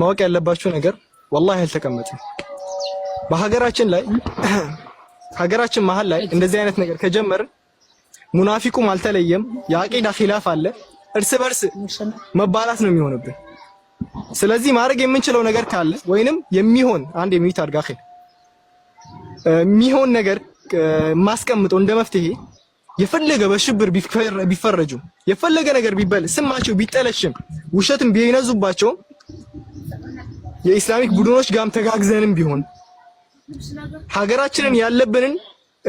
ማወቅ ያለባችሁ ነገር ወላሂ አልተቀመጥም። በሀገራችን ላይ ሀገራችን መሀል ላይ እንደዚህ አይነት ነገር ከጀመር ሙናፊቁም አልተለየም፣ የአቂዳ ኺላፍ አለ፣ እርስ በርስ መባላት ነው የሚሆንብን። ስለዚህ ማድረግ የምንችለው ነገር ካለ ወይንም የሚሆን አንድ የሚት አድጋ የሚሆን ነገር ማስቀምጠው እንደ መፍትሄ የፈለገ በሽብር ቢፈረጁ የፈለገ ነገር ቢበል ስማቸው ቢጠለሽም ውሸትም ቢነዙባቸውም የኢስላሚክ ቡድኖች ጋም ተጋግዘንም ቢሆን ሀገራችንን ያለብንን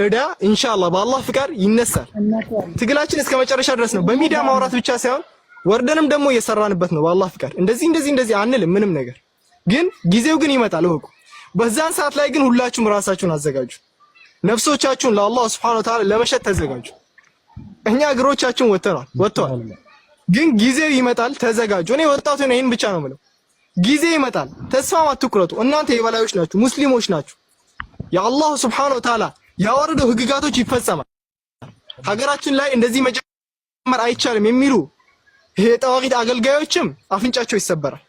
እዳ ኢንሻአላህ በአላህ ፍቃድ ይነሳል። ትግላችን እስከ መጨረሻ ድረስ ነው። በሚዲያ ማውራት ብቻ ሳይሆን ወርደንም ደግሞ እየሰራንበት ነው። በአላህ ፍቃድ እንደዚህ እንደዚህ እንደዚህ አንልም ምንም ነገር ግን ጊዜው ግን ይመጣል እወቁ። በዛን ሰዓት ላይ ግን ሁላችሁም ራሳችሁን አዘጋጁ። ነፍሶቻችሁን ለአላህ ሱብሓነሁ ወተዓላ ለመሸጥ ተዘጋጁ። እኛ እግሮቻችን ወጥተናል ወጥተዋል፣ ግን ጊዜው ይመጣል። ተዘጋጁ። እኔ ወጣቱ ነኝ፣ ይሄን ብቻ ነው የምለው። ጊዜ ይመጣል። ተስፋም አትኩረቱ። እናንተ የበላዮች ናችሁ፣ ሙስሊሞች ናችሁ። የአላሁ ስብሐነ ወተዓላ ያወረደው ህግጋቶች ይፈጸማል። ሀገራችን ላይ እንደዚህ መጀመር አይቻልም የሚሉ የጣዋቂት አገልጋዮችም አፍንጫቸው ይሰበራል።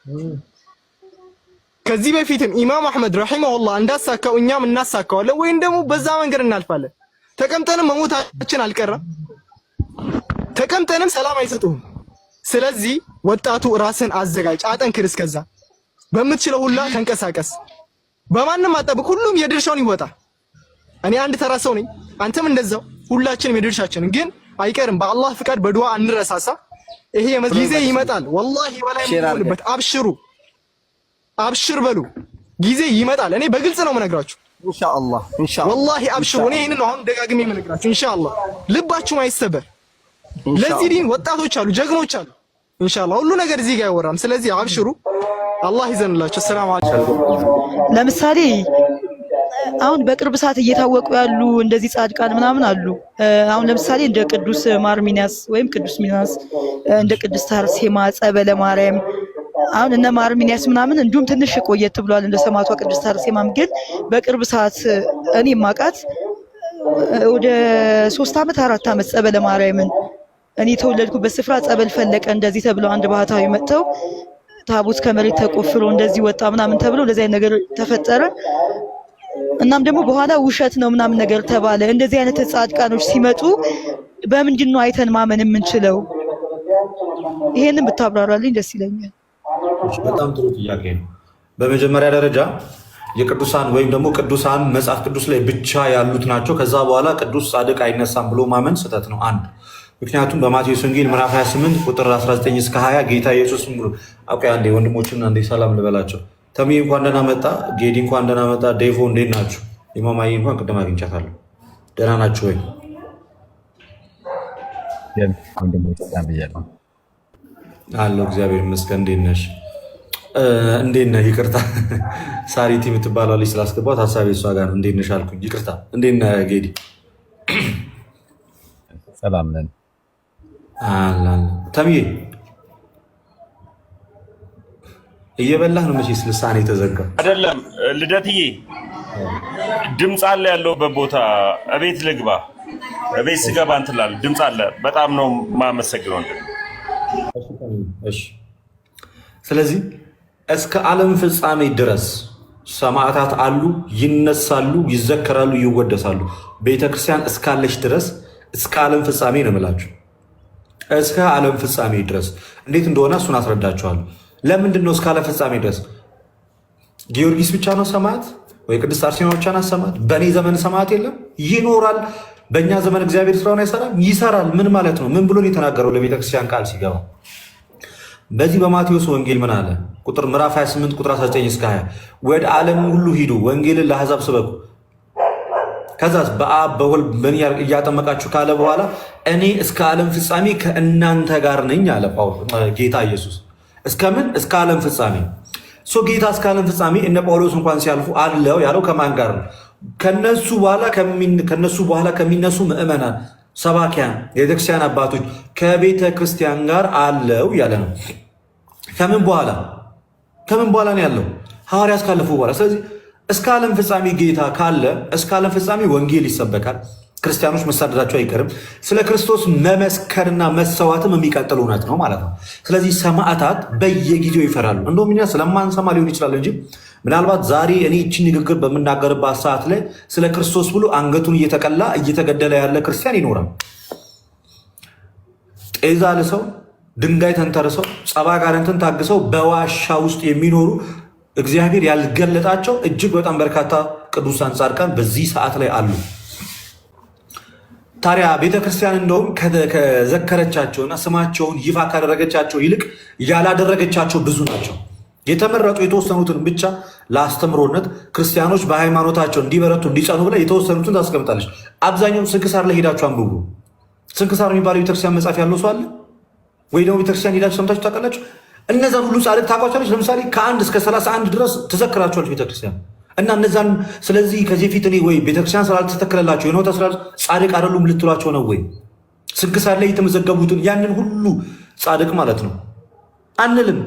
ከዚህ በፊትም ኢማም አህመድ ረሂመሁላህ እንዳሳካው እኛም እናሳካዋለን ወይም ደግሞ በዛ መንገድ እናልፋለን። ተቀምጠንም መሞታችን አልቀረም። ተቀምጠንም ሰላም አይሰጡም። ስለዚህ ወጣቱ ራስን አዘጋጅ፣ አጠንክር እስከዛ በምትችለው ሁላ ተንቀሳቀስ። በማንም አጠብቅ። ሁሉም የድርሻውን ይወጣ። እኔ አንድ ተራ ሰው ነኝ፣ አንተም እንደዛው። ሁላችንም የድርሻችን ግን አይቀርም። በአላህ ፍቃድ በዱዓ እንረሳሳ። ይሄ ጊዜ ይመጣል። ወላሂ በላይ የምንሆንበት አብሽሩ፣ አብሽር በሉ። ጊዜ ይመጣል። እኔ በግልጽ ነው የምነግራችሁ። ኢንሻአላህ ኢንሻአላህ፣ ወላሂ አብሽሩ። እኔ ይሄንን አሁን ደጋግሜ የምነግራችሁ ኢንሻአላህ፣ ልባችሁም አይሰበር። ለዚህ ዲን ወጣቶች አሉ፣ ጀግኖች አሉ። ኢንሻአላህ ሁሉ ነገር እዚህ ጋር አይወራም። ስለዚህ አብሽሩ። አላህ ይዘንላቸው። ሰላም አለይኩም። ለምሳሌ አሁን በቅርብ ሰዓት እየታወቁ ያሉ እንደዚህ ጻድቃን ምናምን አሉ። አሁን ለምሳሌ እንደ ቅዱስ ማርሚናስ ወይም ቅዱስ ሚናስ፣ እንደ ቅዱስ ታርሴማ ጸበለ ማርያም አሁን እነ ማርሚኒያስ ምናምን እንዲሁም ትንሽ ቆየት ብሏል። እንደ ሰማዕቷ ቅድስት አርሴማም ግን በቅርብ ሰዓት እኔ ማቃት ወደ ሶስት አመት አራት አመት ጸበለ ማርያምን እኔ የተወለድኩበት ስፍራ ጸበል ፈለቀ እንደዚህ ተብለው አንድ ባህታዊ መጥተው ታቦት ከመሬት ተቆፍሮ እንደዚህ ወጣ ምናምን ተብሎ እንደዚህ አይነት ነገር ተፈጠረ። እናም ደግሞ በኋላ ውሸት ነው ምናምን ነገር ተባለ። እንደዚህ አይነት ጻድቃኖች ሲመጡ በምንድን ነው አይተን ማመን የምንችለው? ይሄንን ብታብራራልኝ ደስ ይለኛል። በጣም ጥሩ ጥያቄ ነው። በመጀመሪያ ደረጃ የቅዱሳን ወይም ደግሞ ቅዱሳን መጽሐፍ ቅዱስ ላይ ብቻ ያሉት ናቸው። ከዛ በኋላ ቅዱስ ጻድቅ አይነሳም ብሎ ማመን ስህተት ነው። አንድ ምክንያቱም በማቴዎስ ወንጌል ምዕራፍ 28 ቁጥር 19 እስከ 20 ጌታ ኢየሱስ ብሎ አቆ አንዴ ወንድሞችን አንዴ ሰላም ልበላቸው። ተሚ እንኳን ደህና መጣ፣ ጌዲ እንኳን ደህና መጣ፣ ዴቮ እንዴት ናችሁ? የማማዬ እንኳን ቅድም አግኝቻታለሁ። ደህና ናችሁ ወይ? አለሁ እግዚአብሔር ይመስገን። እንዴት ነሽ? እንዴት ነህ? ይቅርታ ሳሪቲ የምትባለው ልጅ ስላስገባት ሀሳቤ እሷ ጋር እንዴት ነሽ አልኩኝ። ይቅርታ። እንዴት ነህ ጌዲ? ሰላም ነን። ተምዬ እየበላህ ነው መቼስ፣ ልሳኔ የተዘጋ አይደለም። ልደትዬ ድምፅ አለ ያለሁበት ቦታ እቤት ልግባ። እቤት ስገባ እንትን እላለሁ። ድምፅ አለ። በጣም ነው የማመሰግነው። ስለዚህ እስከ ዓለም ፍጻሜ ድረስ ሰማዕታት አሉ፣ ይነሳሉ፣ ይዘከራሉ፣ ይወደሳሉ። ቤተክርስቲያን እስካለች ድረስ እስከ ዓለም ፍጻሜ ነው የምላችሁ። እስከ ዓለም ፍጻሜ ድረስ እንዴት እንደሆነ እሱን አስረዳችኋለሁ። ለምንድን ነው እስከ ዓለም ፍጻሜ ድረስ ጊዮርጊስ ብቻ ነው ሰማዕት ወይ ቅድስት አርሴማ ብቻ ናት ሰማዕት? በእኔ ዘመን ሰማዕት የለም ይኖራል። በእኛ ዘመን እግዚአብሔር ስራውን አይሰራም? ይሰራል። ምን ማለት ነው? ምን ብሎ የተናገረው ለቤተክርስቲያን ቃል ሲገባ በዚህ በማቴዎስ ወንጌል ምን አለ? ቁጥር ምዕራፍ 28 ቁጥር 19 እስከ 20 ወደ ዓለም ሁሉ ሂዱ፣ ወንጌልን ለአሕዛብ ስበኩ ከዛስ በአብ በወልድ በእኔ እያጠመቃችሁ ካለ በኋላ እኔ እስከ ዓለም ፍጻሜ ከእናንተ ጋር ነኝ አለ ጌታ ኢየሱስ። እስከምን? እስከ ዓለም ፍጻሜ። ጌታ እስከ ዓለም ፍጻሜ እነ ጳውሎስ እንኳን ሲያልፉ አለው ያለው ከማን ጋር ነው? ከነሱ በኋላ ከነሱ በኋላ ከሚነሱ ምዕመናን፣ ሰባኪያን፣ የቤተክርስቲያን አባቶች ከቤተ ክርስቲያን ጋር አለው ያለ ነው። ከምን በኋላ ከምን በኋላ ነው ያለው? ሐዋርያ እስካለፉ በኋላ ስለዚህ እስከ ዓለም ፍጻሜ ጌታ ካለ እስከ ዓለም ፍጻሜ ወንጌል ይሰበካል። ክርስቲያኖች መሳደዳቸው አይቀርም። ስለ ክርስቶስ መመስከርና መሰዋትም የሚቀጥል እውነት ነው ማለት ነው። ስለዚህ ሰማዕታት በየጊዜው ይፈራሉ። እንደውም እኛ ስለማንሰማ ሊሆን ይችላል እንጂ ምናልባት ዛሬ እኔ ይችን ንግግር በምናገርባት ሰዓት ላይ ስለ ክርስቶስ ብሎ አንገቱን እየተቀላ እየተገደለ ያለ ክርስቲያን ይኖራል። ጤዛ ልሰው ድንጋይ ተንተርሰው ጸባ ጋር እንትን ታግሰው በዋሻ ውስጥ የሚኖሩ እግዚአብሔር ያልገለጣቸው እጅግ በጣም በርካታ ቅዱሳን ጻድቃን በዚህ ሰዓት ላይ አሉ። ታዲያ ቤተክርስቲያን እንደውም ከዘከረቻቸውና ስማቸውን ይፋ ካደረገቻቸው ይልቅ ያላደረገቻቸው ብዙ ናቸው። የተመረጡ የተወሰኑትን ብቻ ለአስተምሮነት ክርስቲያኖች በሃይማኖታቸው እንዲበረቱ እንዲጸኑ ብላ የተወሰኑትን ታስቀምጣለች። አብዛኛውን ስንክሳር ላይ ሄዳችሁ አንብቡ። ስንክሳር የሚባለው ቤተክርስቲያን መጽሐፍ ያለው ሰው አለ ወይ? ደግሞ ቤተክርስቲያን ሄዳችሁ ሰምታችሁ ታውቃላችሁ? እነዛን ሁሉ ጻድቅ ታውቋቸዋለች። ለምሳሌ ከአንድ እስከ ሰላሳ አንድ ድረስ ተዘክራቸዋለች ቤተክርስቲያን እና እነዛን ስለዚህ ከዚህ ፊት እኔ ወይ ቤተክርስቲያን ስላልተተከለላቸው የኖታ ስራ ጻድቅ አይደሉም ልትሏቸው ነው ወይ? ስንክሳር ላይ የተመዘገቡትን ያንን ሁሉ ጻድቅ ማለት ነው አንልም።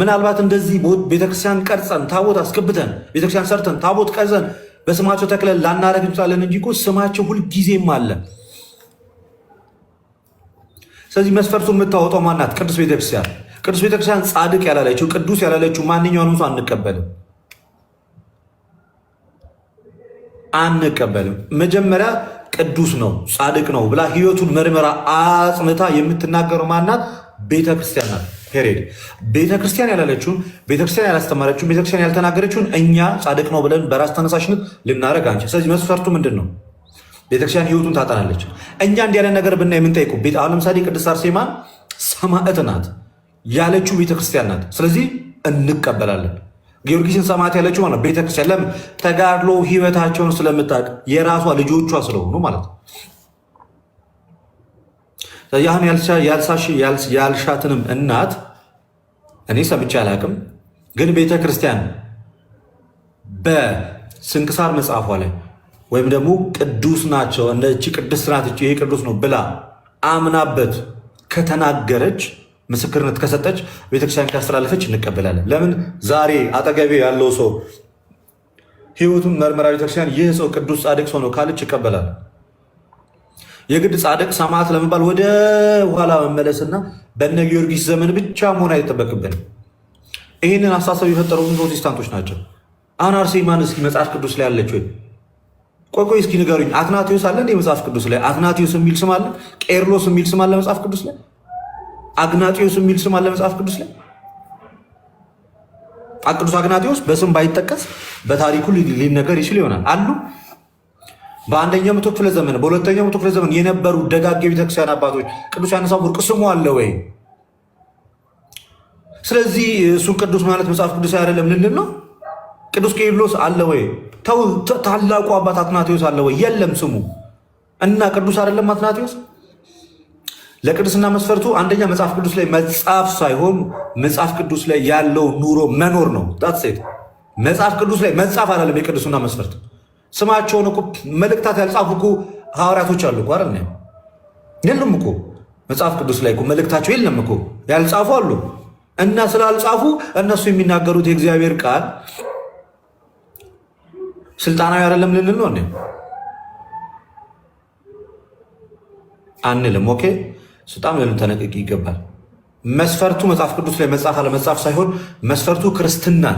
ምናልባት እንደዚህ ቤተክርስቲያን ቀርፀን ታቦት አስገብተን ቤተክርስቲያን ሰርተን ታቦት ቀርዘን በስማቸው ተክለን ላናረግ እንችላለን እንጂ ስማቸው ሁልጊዜም አለ። ስለዚህ መስፈርቱ የምታወጣው ማናት? ቅዱስ ቤተክርስቲያን ቅዱስ ቤተክርስቲያን ጻድቅ ያላለችው ቅዱስ ያላለችው ማንኛውንም ሰው አንቀበልም አንቀበልም። መጀመሪያ ቅዱስ ነው ጻድቅ ነው ብላ ህይወቱን መርመራ አጽንታ የምትናገረው ማናት? ቤተክርስቲያን ናት። ሄሬድ ቤተክርስቲያን ያላለችውን ቤተክርስቲያን ያላስተማረችውን ቤተክርስቲያን ያልተናገረችውን እኛ ጻድቅ ነው ብለን በራስ ተነሳሽነት ልናደረግ አንች ስለዚህ መስፈርቱ ምንድን ነው? ቤተክርስቲያን ህይወቱን ታጠናለች። እኛ እንዲህ ያለ ነገር ብና የምንጠይቁ አሁን ለምሳሌ ቅድስት አርሴማ ሰማዕት ናት። ያለችው ቤተክርስቲያን ናት። ስለዚህ እንቀበላለን። ጊዮርጊስን ሰማዕት ያለችው ማለት ቤተክርስቲያን ለምን ተጋድሎ ህይወታቸውን ስለምታውቅ የራሷ ልጆቿ ስለሆኑ ማለት ነው። ያህን ያልሻትንም እናት እኔ ሰምቼ አላውቅም፣ ግን ቤተክርስቲያን በስንክሳር መጽሐፏ ላይ ወይም ደግሞ ቅዱስ ናቸው እነቺ ቅዱስ ናት ይሄ ቅዱስ ነው ብላ አምናበት ከተናገረች ምስክርነት ከሰጠች ቤተክርስቲያን ካስተላለፈች እንቀበላለን። ለምን ዛሬ አጠገቤ ያለው ሰው ህይወቱን መርመራ ቤተክርስቲያን ይህ ሰው ቅዱስ ጻድቅ ሰው ነው ካለች ይቀበላል። የግድ ጻድቅ ሰማዕት ለመባል ወደ ኋላ መመለስና በነ ጊዮርጊስ ዘመን ብቻ መሆን አይጠበቅብን። ይህንን አሳሰብ የፈጠሩ ፕሮቴስታንቶች ናቸው። አሁን አርሴማን እስኪ መጽሐፍ ቅዱስ ላይ አለች ወይ? ቆይ ቆይ እስኪ ንገሩኝ። አትናቴዎስ አለ መጽሐፍ ቅዱስ ላይ? አትናቴዎስ የሚል ስም አለ? ቄርሎስ የሚል ስም አለ መጽሐፍ ቅዱስ ላይ? አግናጢዎስ የሚል ስም አለ መጽሐፍ ቅዱስ ላይ። ቅዱስ አግናጢዎስ በስም ባይጠቀስ በታሪኩ ሊነገር ይችል ይሆናል አሉ። በአንደኛው መቶ ክፍለ ዘመን በሁለተኛው መቶ ክፍለ ዘመን የነበሩ ደጋግ የቤተክርስቲያን አባቶች ቅዱስ ዮሐንስ አፈወርቅ ስሙ አለ ወይ? ስለዚህ እሱን ቅዱስ ማለት መጽሐፍ ቅዱስ አይደለም ልንል ነው። ቅዱስ ቄርሎስ አለ ወይ? ታላቁ አባት አትናቴዎስ አለ ወይ? የለም ስሙ እና ቅዱስ አይደለም አትናቴዎስ ለቅድስና መስፈርቱ አንደኛ መጽሐፍ ቅዱስ ላይ መጻፍ ሳይሆን መጽሐፍ ቅዱስ ላይ ያለው ኑሮ መኖር ነው። ሴት መጽሐፍ ቅዱስ ላይ መጻፍ አላለም። የቅድስና መስፈርት ስማቸውን እኮ መልእክታት ያልጻፉ እኮ ሐዋርያቶች አሉ እኮ የሉም እኮ መጽሐፍ ቅዱስ ላይ መልእክታቸው የለም እኮ ያልጻፉ አሉ። እና ስላልጻፉ እነሱ የሚናገሩት የእግዚአብሔር ቃል ስልጣናዊ አይደለም ልንል ነው አንልም። ኦኬ በጣም ልንጠነቀቅ ይገባል። መስፈርቱ መጽሐፍ ቅዱስ ላይ መጽሐፍ አለመጽሐፍ ሳይሆን መስፈርቱ ክርስትናን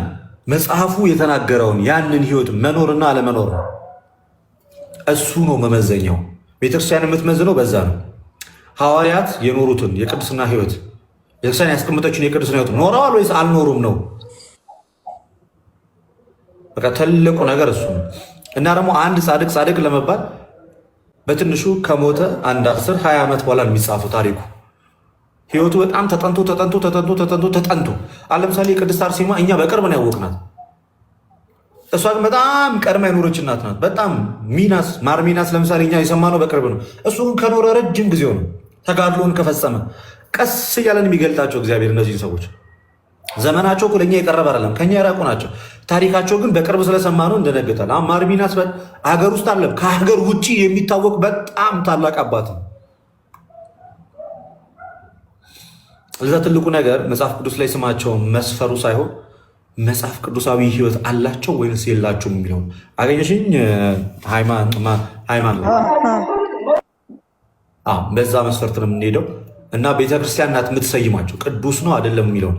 መጽሐፉ የተናገረውን ያንን ህይወት መኖርና አለመኖር እሱ ነው መመዘኛው። ቤተክርስቲያን የምትመዝነው በዛ ነው። ሐዋርያት የኖሩትን የቅድስና ህይወት ቤተክርስቲያን ያስቀመጠችን የቅድስና ህይወት ኖረዋል ወይስ አልኖሩም ነው። በቃ ትልቁ ነገር እሱ ነው። እና ደግሞ አንድ ጻድቅ ጻድቅ ለመባል በትንሹ ከሞተ አንድ አስር ሀያ ዓመት በኋላ የሚጻፉ ታሪኩ ህይወቱ በጣም ተጠንቶ ተጠንቶ ተጠንቶ ተጠንቶ ተጠንቶ አለምሳሌ ቅድስት የቅድስት አርሴማ እኛ በቅርብ ነው ያወቅናት። እሷ ግን በጣም ቀድማ የኖረች እናት ናት። በጣም ሚናስ ማር ሚናስ ለምሳሌ እኛ የሰማነው በቅርብ ነው። እሱ ግን ከኖረ ረጅም ጊዜው ነው ተጋድሎን ከፈጸመ ቀስ እያለን የሚገልጣቸው እግዚአብሔር እነዚህን ሰዎች ዘመናቸው እኮ ለእኛ የቀረበ አይደለም፣ ከኛ የራቁ ናቸው። ታሪካቸው ግን በቅርብ ስለሰማ ነው እንደነገጠል። አማር ውስጥ አለም ከሀገር ውጭ የሚታወቅ በጣም ታላቅ አባት ነው። ለዛ ትልቁ ነገር መጽሐፍ ቅዱስ ላይ ስማቸው መስፈሩ ሳይሆን መጽሐፍ ቅዱሳዊ ህይወት አላቸው ወይንስ የላቸውም የሚለው አገኘሽኝ። ሃይማኖት በዛ መስፈርት ነው የምንሄደው እና ቤተክርስቲያን ናት የምትሰይማቸው ቅዱስ ነው አይደለም የሚለውን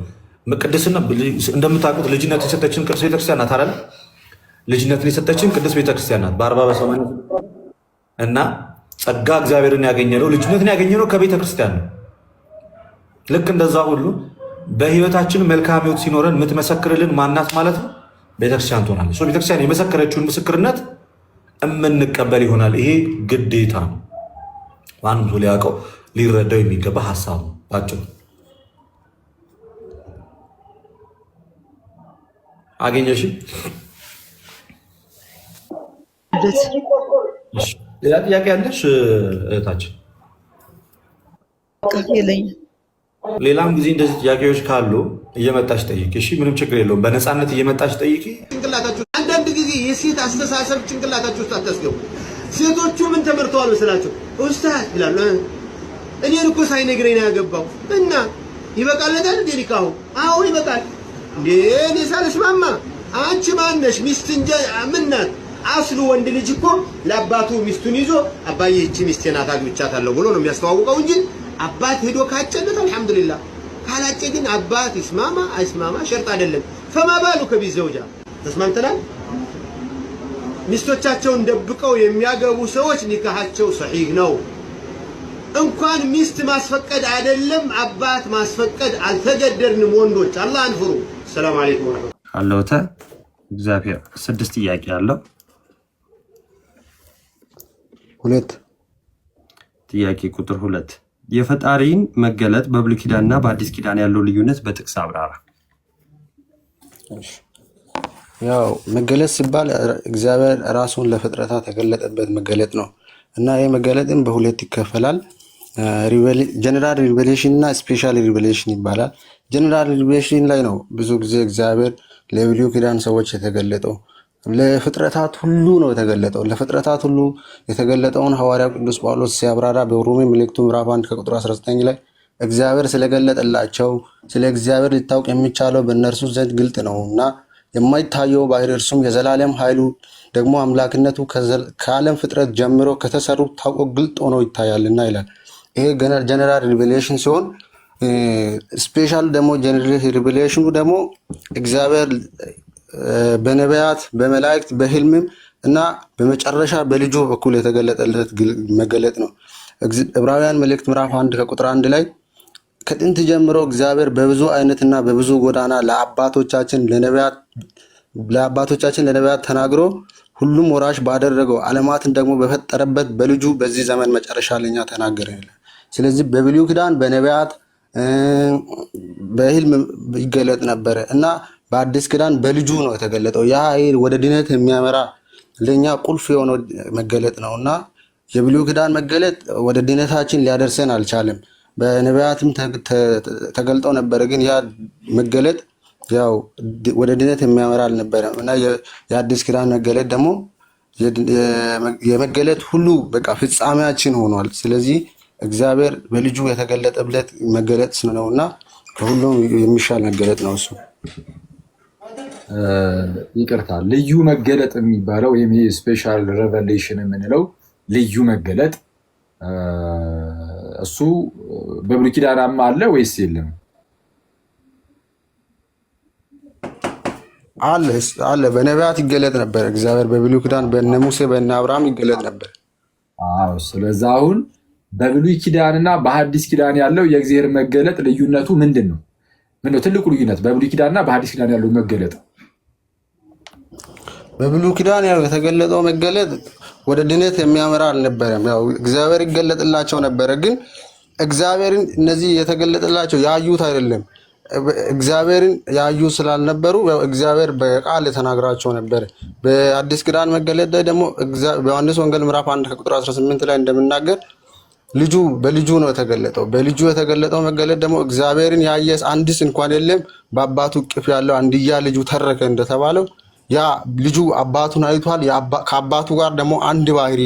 ቅድስና እንደምታውቁት ልጅነት የሰጠችን ቅዱስ ቤተክርስቲያን ናት አይደል? ልጅነትን የሰጠችን ቅዱስ ቤተክርስቲያን ናት። በአርባ በሰማንያ እና ጸጋ እግዚአብሔርን ያገኘ ነው። ልጅነትን ያገኘ ነው ከቤተክርስቲያን ነው። ልክ እንደዛ ሁሉ በህይወታችን መልካም ህይወት ሲኖረን የምትመሰክርልን ማናት ማለት ነው? ቤተክርስቲያን ትሆናለች። ቤተክርስቲያን የመሰከረችውን ምስክርነት እምንቀበል ይሆናል። ይሄ ግዴታ ነው። ማንም ሊያውቀው ሊረዳው የሚገባ ሀሳብ ነው ባጭሩ። አገኘሽ? ሌላ ጥያቄ ያለሽ እህታችን? ሌላም ጊዜ እንደዚህ ጥያቄዎች ካሉ እየመጣች ጠይቂ። እሺ፣ ምንም ችግር የለውም። በነፃነት እየመጣች ጠይቂ። ጭንቅላታችሁ አንዳንድ ጊዜ የሴት አስተሳሰብ ጭንቅላታችሁ ውስጥ አታስገቡ። ሴቶቹ ምን ተመርተዋል መስላቸው ኡስታዝ ይላሉ። እኔን እኮ ሳይነግረኝ ነው ያገባው እና ይበቃለታል። ይበቃል እኔ ሳልስማማ አንቺ ማነሽ? ሚስት እንጂ ምን ናት? አስሉ ወንድ ልጅ እኮ ለአባቱ ሚስቱን ይዞ አባዬ ይቺ ሚስቴ ናት አግብቻታለሁ ብሎ ነው የሚያስተዋውቀው እንጂ አባት ሄዶ ካጨለት አልሐምዱሊላ ካላጨ ግን አባት ይስማማ አይስማማ ሸርጥ አይደለም። ፈማባሉ ባሉ ዘውጃ ተስማምተናል። ሚስቶቻቸውን ደብቀው የሚያገቡ ሰዎች ኒካሃቸው ሰሒህ ነው። እንኳን ሚስት ማስፈቀድ አይደለም አባት ማስፈቀድ አልተገደድንም። ወንዶች አላህን ፍሩ። ሰላም አለይኩም አለውተ እግዚአብሔር ስድስት ጥያቄ አለው። ሁለት ጥያቄ ቁጥር ሁለት የፈጣሪን መገለጥ በብሉይ ኪዳንና በአዲስ ኪዳን ያለው ልዩነት በጥቅስ አብራራ። ያው መገለጥ ሲባል እግዚአብሔር ራሱን ለፍጥረታ ተገለጠበት መገለጥ ነው እና ይህ መገለጥን በሁለት ይከፈላል። ጀነራል ሪቨሌሽን እና ስፔሻል ሪቨሌሽን ይባላል። ጀነራል ሊቤሽን ላይ ነው ብዙ ጊዜ እግዚአብሔር ለብሉይ ኪዳን ሰዎች የተገለጠው። ለፍጥረታት ሁሉ ነው የተገለጠው። ለፍጥረታት ሁሉ የተገለጠውን ሐዋርያ ቅዱስ ጳውሎስ ሲያብራራ በሮሜ መልእክቱ ምዕራፍ 1 ከቁጥር 19 ላይ እግዚአብሔር ስለገለጠላቸው ስለ እግዚአብሔር ሊታወቅ የሚቻለው በእነርሱ ዘንድ ግልጥ ነው እና የማይታየው ባህር እርሱም የዘላለም ኃይሉ ደግሞ አምላክነቱ ከዓለም ፍጥረት ጀምሮ ከተሰሩ ታውቆ ግልጥ ሆኖ ይታያልና ይላል። ይሄ ጀነራል ሪቬሌሽን ሲሆን ስፔሻል ደግሞ ሪቪሌሽኑ ደግሞ እግዚአብሔር በነቢያት በመላእክት በህልምም እና በመጨረሻ በልጁ በኩል የተገለጠለት መገለጥ ነው። ዕብራውያን መልእክት ምዕራፍ አንድ ከቁጥር አንድ ላይ ከጥንት ጀምሮ እግዚአብሔር በብዙ አይነትና በብዙ ጎዳና ለአባቶቻችን ለአባቶቻችን ለነቢያት ተናግሮ ሁሉም ወራሽ ባደረገው ዓለማትን ደግሞ በፈጠረበት በልጁ በዚህ ዘመን መጨረሻ ለኛ ተናገረ። ስለዚህ በብሉይ ኪዳን በነቢያት በህልም ይገለጥ ነበረ እና በአዲስ ኪዳን በልጁ ነው የተገለጠው። ያ ኃይል ወደ ድነት የሚያመራ ለእኛ ቁልፍ የሆነው መገለጥ ነው እና የብሉይ ኪዳን መገለጥ ወደ ድነታችን ሊያደርሰን አልቻለም። በነቢያትም ተገልጠው ነበረ፣ ግን ያ መገለጥ ያው ወደ ድነት የሚያመራ አልነበረም እና የአዲስ ኪዳን መገለጥ ደግሞ የመገለጥ ሁሉ በቃ ፍጻሜያችን ሆኗል። ስለዚህ እግዚአብሔር በልጁ የተገለጠበት መገለጥ ነው እና ከሁሉም የሚሻል መገለጥ ነው እሱ። ይቅርታ፣ ልዩ መገለጥ የሚባለው ወይም ይህ ስፔሻል ሬቨሌሽን የምንለው ልዩ መገለጥ እሱ በብሉይ ኪዳናማ አለ ወይስ የለም? አለ። በነቢያት ይገለጥ ነበር እግዚአብሔር በብሉይ ኪዳን በነ ሙሴ በነ አብርሃም ይገለጥ ነበር። ስለዚ አሁን በብሉይ ኪዳንና በሐዲስ ኪዳን ያለው የእግዚአብሔር መገለጥ ልዩነቱ ምንድን ነው? ምነው ትልቁ ልዩነት በብሉይ ኪዳንና በሐዲስ ኪዳን ያለው መገለጥ? በብሉይ ኪዳን ያው የተገለጠው መገለጥ ወደ ድነት የሚያመራ አልነበረም። ያው እግዚአብሔር ይገለጥላቸው ነበረ፣ ግን እግዚአብሔርን እነዚህ የተገለጠላቸው ያዩት አይደለም። እግዚአብሔርን ያዩ ስላልነበሩ እግዚአብሔር በቃል ተናግራቸው ነበረ። በአዲስ ኪዳን መገለጥ ላይ ደግሞ በዮሐንስ ወንጌል ምዕራፍ 1 ከቁጥር 18 ላይ እንደምናገር ልጁ በልጁ ነው የተገለጠው። በልጁ የተገለጠው መገለጥ ደግሞ እግዚአብሔርን ያየስ አንድስ እንኳን የለም በአባቱ እቅፍ ያለው አንድያ ልጁ ተረከ እንደተባለው ያ ልጁ አባቱን አይቷል። ከአባቱ ጋር ደግሞ አንድ ባህሪ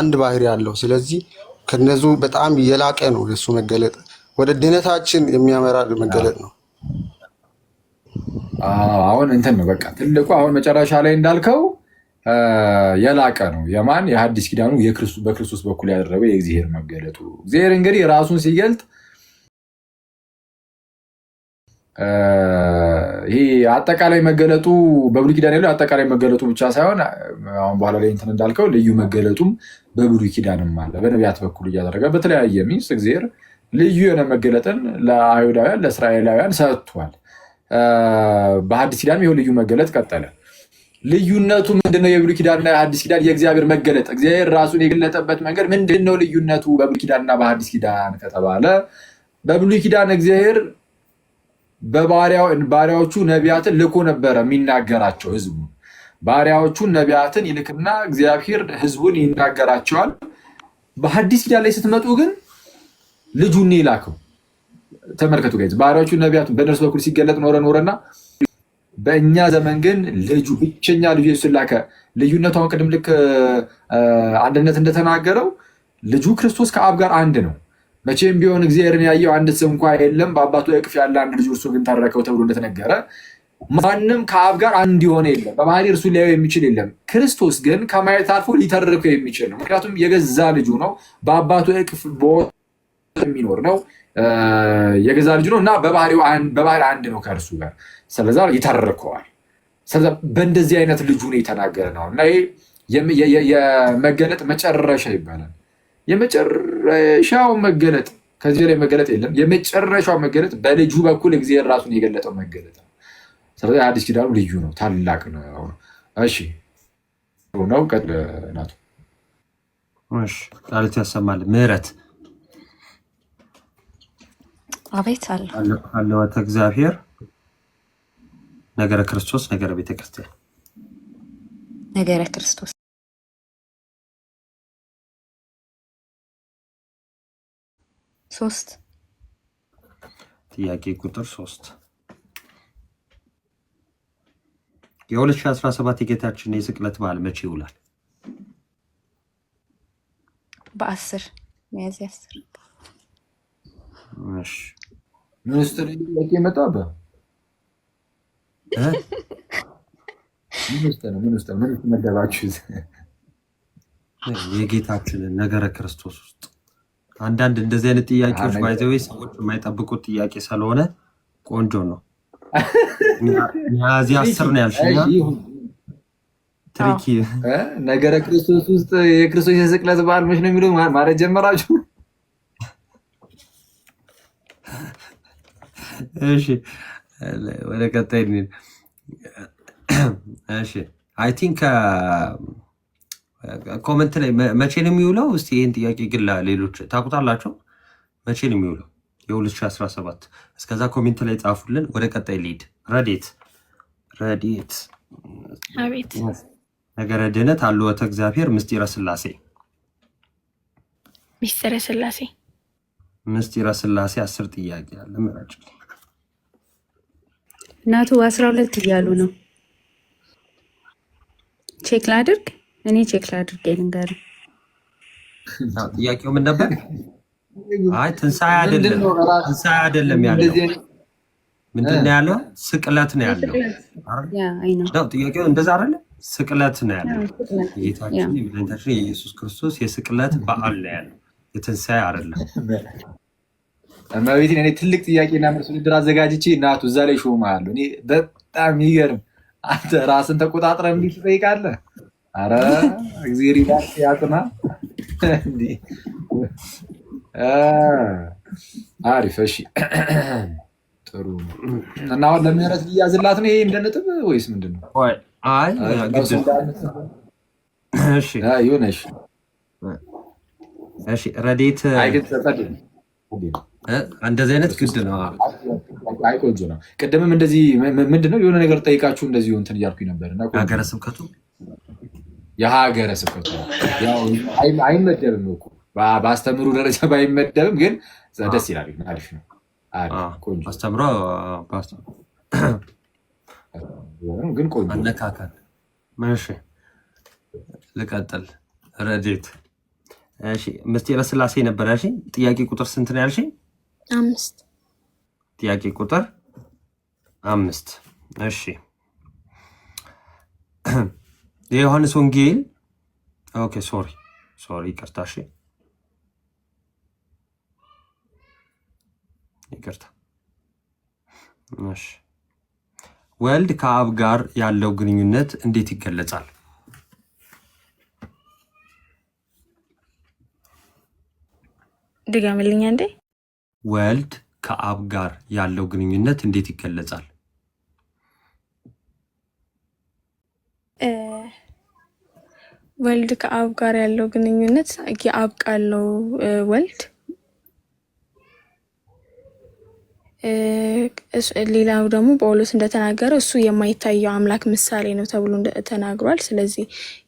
አንድ ባህሪ አለው። ስለዚህ ከነዙ በጣም የላቀ ነው የሱ መገለጥ፣ ወደ ድነታችን የሚያመራ መገለጥ ነው። አሁን እንትን ነው በቃ ትልቁ አሁን መጨረሻ ላይ እንዳልከው የላቀ ነው። የማን የሐዲስ ኪዳኑ በክርስቶስ በኩል ያደረገው የእግዚአብሔር መገለጡ። እግዚአብሔር እንግዲህ ራሱን ሲገልጥ ይሄ አጠቃላይ መገለጡ በብሉይ ኪዳን ያለው አጠቃላይ መገለጡ ብቻ ሳይሆን አሁን በኋላ ላይ እንትን እንዳልከው ልዩ መገለጡም በብሉይ ኪዳንም አለ። በነቢያት በኩል እያደረገ በተለያየ ሚስ እግዚአብሔር ልዩ የሆነ መገለጥን ለአይሁዳውያን ለእስራኤላውያን ሰጥቷል። በሐዲስ ኪዳን ይኸው ልዩ መገለጥ ቀጠለ። ልዩነቱ ምንድነው? የብሉይ ኪዳንና የሐዲስ ኪዳን የእግዚአብሔር መገለጥ እግዚአብሔር ራሱን የገለጠበት መንገድ ምንድነው? ልዩነቱ በብሉይ ኪዳንና በሐዲስ ኪዳን ከተባለ በብሉይ ኪዳን እግዚአብሔር ባሪያዎቹ ነቢያትን ልኮ ነበረ የሚናገራቸው ህዝቡን። ባሪያዎቹን ነቢያትን ይልክና እግዚአብሔር ህዝቡን ይናገራቸዋል። በሐዲስ ኪዳን ላይ ስትመጡ ግን ልጁን ይላከው። ተመልከቱ። ጋይዝ ባሪያዎቹ ነቢያቱን በነርሱ በኩል ሲገለጥ ኖረ ኖረና በእኛ ዘመን ግን ልጁ ብቸኛ ልጁ ኢየሱስን ላከ። ልዩነቱ አሁን ቅድም ልክ አንድነት እንደተናገረው ልጁ ክርስቶስ ከአብ ጋር አንድ ነው። መቼም ቢሆን እግዚአብሔርን ያየው አንድ ስም እንኳ የለም፣ በአባቱ እቅፍ ያለ አንድ ልጁ እርሱ ግን ተረከው ተብሎ እንደተነገረ ማንም ከአብ ጋር አንድ የሆነ የለም። በባህሪ እርሱ ሊያየው የሚችል የለም። ክርስቶስ ግን ከማየት አልፎ ሊተርከው የሚችል ነው። ምክንያቱም የገዛ ልጁ ነው፣ በአባቱ እቅፍ የሚኖር ነው። የገዛ ልጅ ነው እና በባህሪው አንድ ነው ከእርሱ ጋር። ስለዛ ይተርከዋል። በእንደዚህ አይነት ልጁ ነው የተናገረ ነው እና የመገለጥ መጨረሻ ይባላል። የመጨረሻው መገለጥ ከዚህ ላይ መገለጥ የለም። የመጨረሻው መገለጥ በልጁ በኩል እግዚአብሔር ራሱን የገለጠው መገለጥ ነው። ስለዚህ አዲስ ኪዳኑ ልዩ ነው፣ ታላቅ ነው። እሺ ነው ቀጥል ናቱ ቃልቱ ያሰማል ምህረት አቤት አለወተ እግዚአብሔር ነገረ ክርስቶስ ነገረ ቤተ ክርስቲያን ነገረ ክርስቶስ ሶስት ጥያቄ ቁጥር ሶስት የሁለት አስራ ሰባት የጌታችን የስቅለት በዓል መቼ ይውላል? በአስር ሚያዝያ አስር ሚኒስትር ጥያቄ መጣበ ምን መደባችሁ የጌታችንን ነገረ ክርስቶስ ውስጥ አንዳንድ እንደዚህ አይነት ጥያቄዎች ባይዘዌ ሰዎች የማይጠብቁት ጥያቄ ስለሆነ ቆንጆ ነው። ሚያዝያ አስር ነው ያልሽና ትሪኪ ነገረ ክርስቶስ ውስጥ የክርስቶስ የስቅለት በዓል መች ነው የሚለው ማረ ጀመራችሁ። እሺ ወደ ቀጣይ እንሂድ። እሺ አይ ቲንክ ኮመንት ላይ መቼ ነው የሚውለው? እስቲ ይህን ጥያቄ ግላ ሌሎች ታውቁታላቸው። መቼ ነው የሚውለው የ2017 እስከዛ ኮሜንት ላይ ጻፉልን። ወደ ቀጣይ ሊድ ረዴት ረዴት ነገረ ድህነት አልወተ እግዚአብሔር ምስጢረ ስላሴ ምስጢረ ስላሴ ምስጢረ ስላሴ አስር ጥያቄ አለ ምራጭ እናቱ አስራ ሁለት እያሉ ነው። ቼክ ላድርግ እኔ ቼክ ላድርግ ልንገር። ጥያቄው ምን ነበር? አይ ትንሣኤ አይደለም ትንሣኤ አይደለም ያለው ምንድን ነው ያለው? ስቅለት ነው ያለው። ጥያቄው እንደዛ አለ። ስቅለት ነው ያለው። ጌታችን የመድኃኒታችን የኢየሱስ ክርስቶስ የስቅለት በዓል ነው ያለው፣ የትንሣኤ አይደለም። እመቤቴን እኔ ትልቅ ጥያቄና መልስ ውድድር አዘጋጅቼ እናቱ እዛ ላይ ሾማለሁ። እኔ በጣም ይገርም። አንተ ራስን ተቆጣጥረ እንዲህ ትጠይቃለህ? አረ እግዜር ያጥና። አሪፍ እሺ፣ ጥሩ እና አሁን ለምህረት ሊያዝላት ነው ይሄ እንደ ነጥብ ወይስ ምንድን ነው? አይ ረዴት እንደዚህ አይነት ግድ ነው ቆንጆ ነው። ቅድምም እንደዚህ ምንድነው የሆነ ነገር ጠይቃችሁ እንደዚሁ እንትን እያልኩኝ ነበር። ሀገረ ስብከቱ የሀገረ ስብከቱ አይመደብም እኮ በአስተምሩ ደረጃ ባይመደብም፣ ግን ደስ ይላል። አሪፍ ነው። አስተምሮ ግን ቆንጆ አነካከል። እሺ ልቀጥል። ረዴት ምስጢረ ስላሴ ነበር እሺ ጥያቄ ቁጥር ስንት ነው ያልሽኝ? አምስት ጥያቄ ቁጥር አምስት እሺ የዮሐንስ ወንጌል ኦኬ ሶሪ ሶሪ ይቅርታ እሺ ይቅርታ እሺ ወልድ ከአብ ጋር ያለው ግንኙነት እንዴት ይገለጻል? ድጋምልኛ እንዴ ወልድ ከአብ ጋር ያለው ግንኙነት እንዴት ይገለጻል? ወልድ ከአብ ጋር ያለው ግንኙነት የአብ ቃል ነው። ወልድ ሌላው ደግሞ ጳውሎስ እንደተናገረ እሱ የማይታየው አምላክ ምሳሌ ነው ተብሎ ተናግሯል። ስለዚህ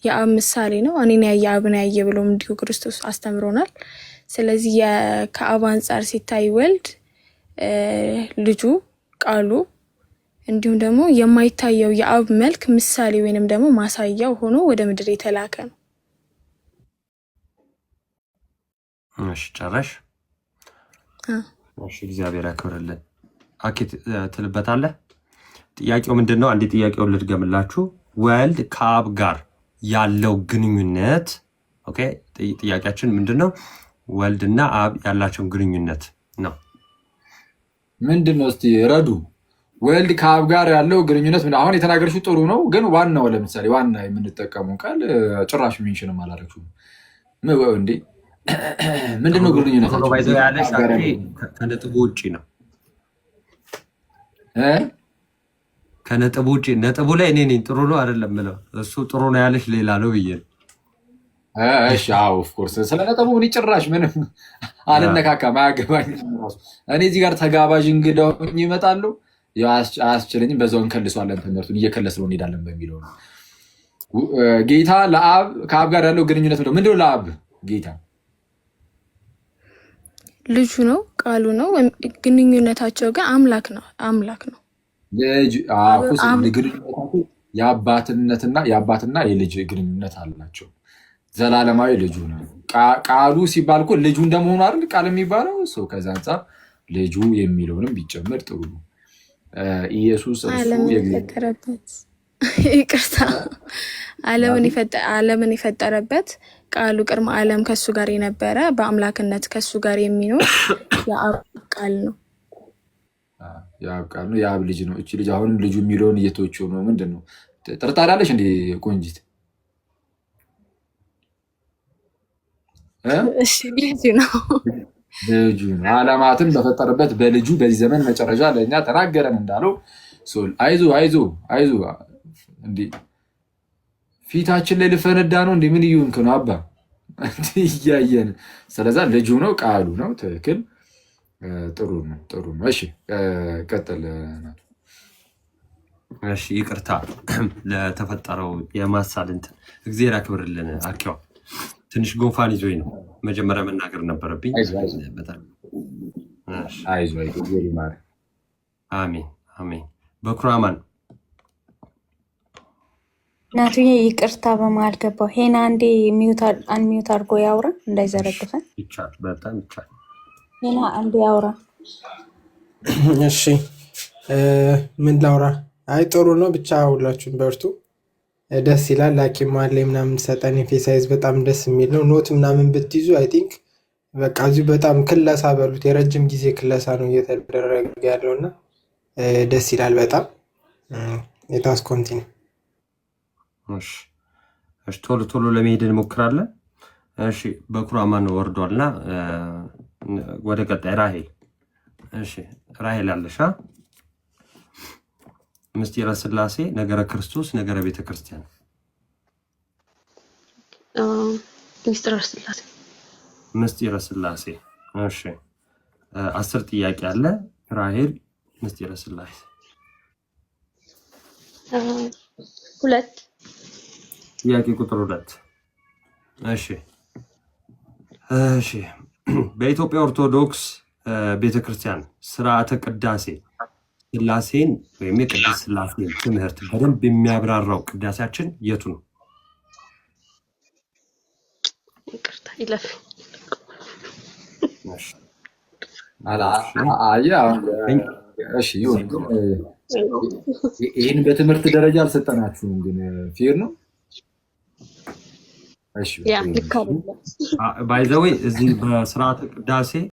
የአብ ምሳሌ ነው። እኔን ያየ አብን ያየ ብሎም እንዲሁ ክርስቶስ አስተምሮናል። ስለዚህ ከአብ አንጻር ሲታይ ወልድ ልጁ ቃሉ እንዲሁም ደግሞ የማይታየው የአብ መልክ ምሳሌ ወይንም ደግሞ ማሳያው ሆኖ ወደ ምድር የተላከ ነው። እሺ ጨረሽ? እሺ እግዚአብሔር ያክብርልን። አኬት ትልበታለህ። ጥያቄው ምንድን ነው? አንዴ ጥያቄውን ልድገምላችሁ። ወልድ ከአብ ጋር ያለው ግንኙነት ኦኬ። ጥያቄያችን ምንድን ነው? ወልድና አብ ያላቸውን ግንኙነት ነው። ምንድን ነው እስቲ ረዱ ወልድ ከአብ ጋር ያለው ግንኙነት አሁን የተናገርሽው ጥሩ ነው፣ ግን ዋናው ለምሳሌ ዋና የምንጠቀመው ቃል ጭራሽ ሜንሽን አላደረግሽው እንዴ? ምንድን ነው ግንኙነታቸው ከነጥቡ ውጭ ነው። ከነጥቡ ውጭ ነጥቡ ላይ እኔ ጥሩ ነው አይደለም ምለው እሱ ጥሩ ነው ያለሽ ሌላ ነው ብዬ ነው እሺ አዎ ኦፍኮርስ ስለ ነጥቡ እኔ ጭራሽ ምንም አልነካካም፣ አያገባኝም። እኔ እዚህ ጋር ተጋባዥ እንግዳ ይመጣሉ አያስችለኝም። በዛው እንከልሷለን፣ ትምህርቱን እየከለስነው እንሄዳለን በሚለው ነው። ጌታ ለአብ ከአብ ጋር ያለው ግንኙነት ምንድን ምንድን ነው ለአብ ጌታ ልጁ ነው፣ ቃሉ ነው። ግንኙነታቸው ግን አምላክ ነው፣ አምላክ ነው። ግንኙነታቸው የአባትነትና የአባትና የልጅ ግንኙነት አላቸው። ዘላለማዊ ልጁ ነው። ቃሉ ሲባል እኮ ልጁ እንደመሆኑ አይደል ቃል የሚባለው ሰው። ከዛ አንጻር ልጁ የሚለውንም ቢጨምር ጥሩ ነው። ኢየሱስ ይቅርታ፣ ዓለምን የፈጠረበት ቃሉ ቅድመ ዓለም ከሱ ጋር የነበረ በአምላክነት ከሱ ጋር የሚኖር የአብ ቃል ነው። የአብ ቃል ነው። የአብ ልጅ ነው። እቺ ልጅ አሁንም ልጁ የሚለውን እየተወችው ነው። ምንድን ነው ጥርጣሪ አለሽ እንዲ ቆንጂት ልጁ ነው ልጁ ነው። ዓለማትን በፈጠረበት በልጁ በዚህ ዘመን መጨረሻ ለእኛ ተናገረን እንዳለው አይዞ አይዞ አይዞ እንዲህ ፊታችን ላይ ልፈነዳ ነው። እንዲህ ምን እዩንክ ነው አባ እያየን ስለዛ ልጁ ነው ቃሉ ነው ትክክል። ጥሩ ነው ጥሩ ነው። እሺ ቀጥል። እሺ ይቅርታ ለተፈጠረው የማሳል እንትን እግዚአብሔር ያክብርልን አኪዋ ትንሽ ጉንፋን ይዞኝ ነው መጀመሪያ መናገር ነበረብኝ። አሜን አሜን። በኩራማን እናቱዬ ይቅርታ በመሀል ገባው። ሄና አንዴ አንሚዩት አድርጎ ያውራ እንዳይዘረግፈን። ይቻላል፣ በጣም ይቻላል። ሄና አንዴ ያውራ። እሺ ምን ላውራ? አይ ጥሩ ነው ብቻ ሁላችሁን በርቱ። ደስ ይላል። ላኪም አለ ምናምን ሰጠን ፌሳይዝ በጣም ደስ የሚል ነው። ኖት ምናምን ብትይዙ አይ ቲንክ በቃ እዚሁ በጣም ክለሳ በሉት የረጅም ጊዜ ክለሳ ነው እየተደረገ ያለው እና ደስ ይላል በጣም የታስ ኮንቲኒ ቶሎ ቶሎ ለመሄድ እንሞክራለን። እሺ በኩራማን ወርዷልና ወደ ቀጣይ ራሄል። እሺ ራሄል አለሻ ምስጢረ ስላሴ፣ ነገረ ክርስቶስ፣ ነገረ ቤተ ክርስቲያን። ምስጢረ ስላሴ ምስጢረ ስላሴ። እሺ አስር ጥያቄ አለ። ራሄል ምስጢረ ስላሴ ሁለት ጥያቄ ቁጥር ሁለት እሺ እሺ በኢትዮጵያ ኦርቶዶክስ ቤተክርስቲያን ስርዓተ ቅዳሴ ስላሴን ወይም የቅዱስ ስላሴን ትምህርት በደንብ የሚያብራራው ቅዳሴያችን የቱ ነው? ይህን በትምህርት ደረጃ አልሰጠናችሁም፣ ግን ፊር ነው ባይዘወይ እዚህ በስርዓተ ቅዳሴ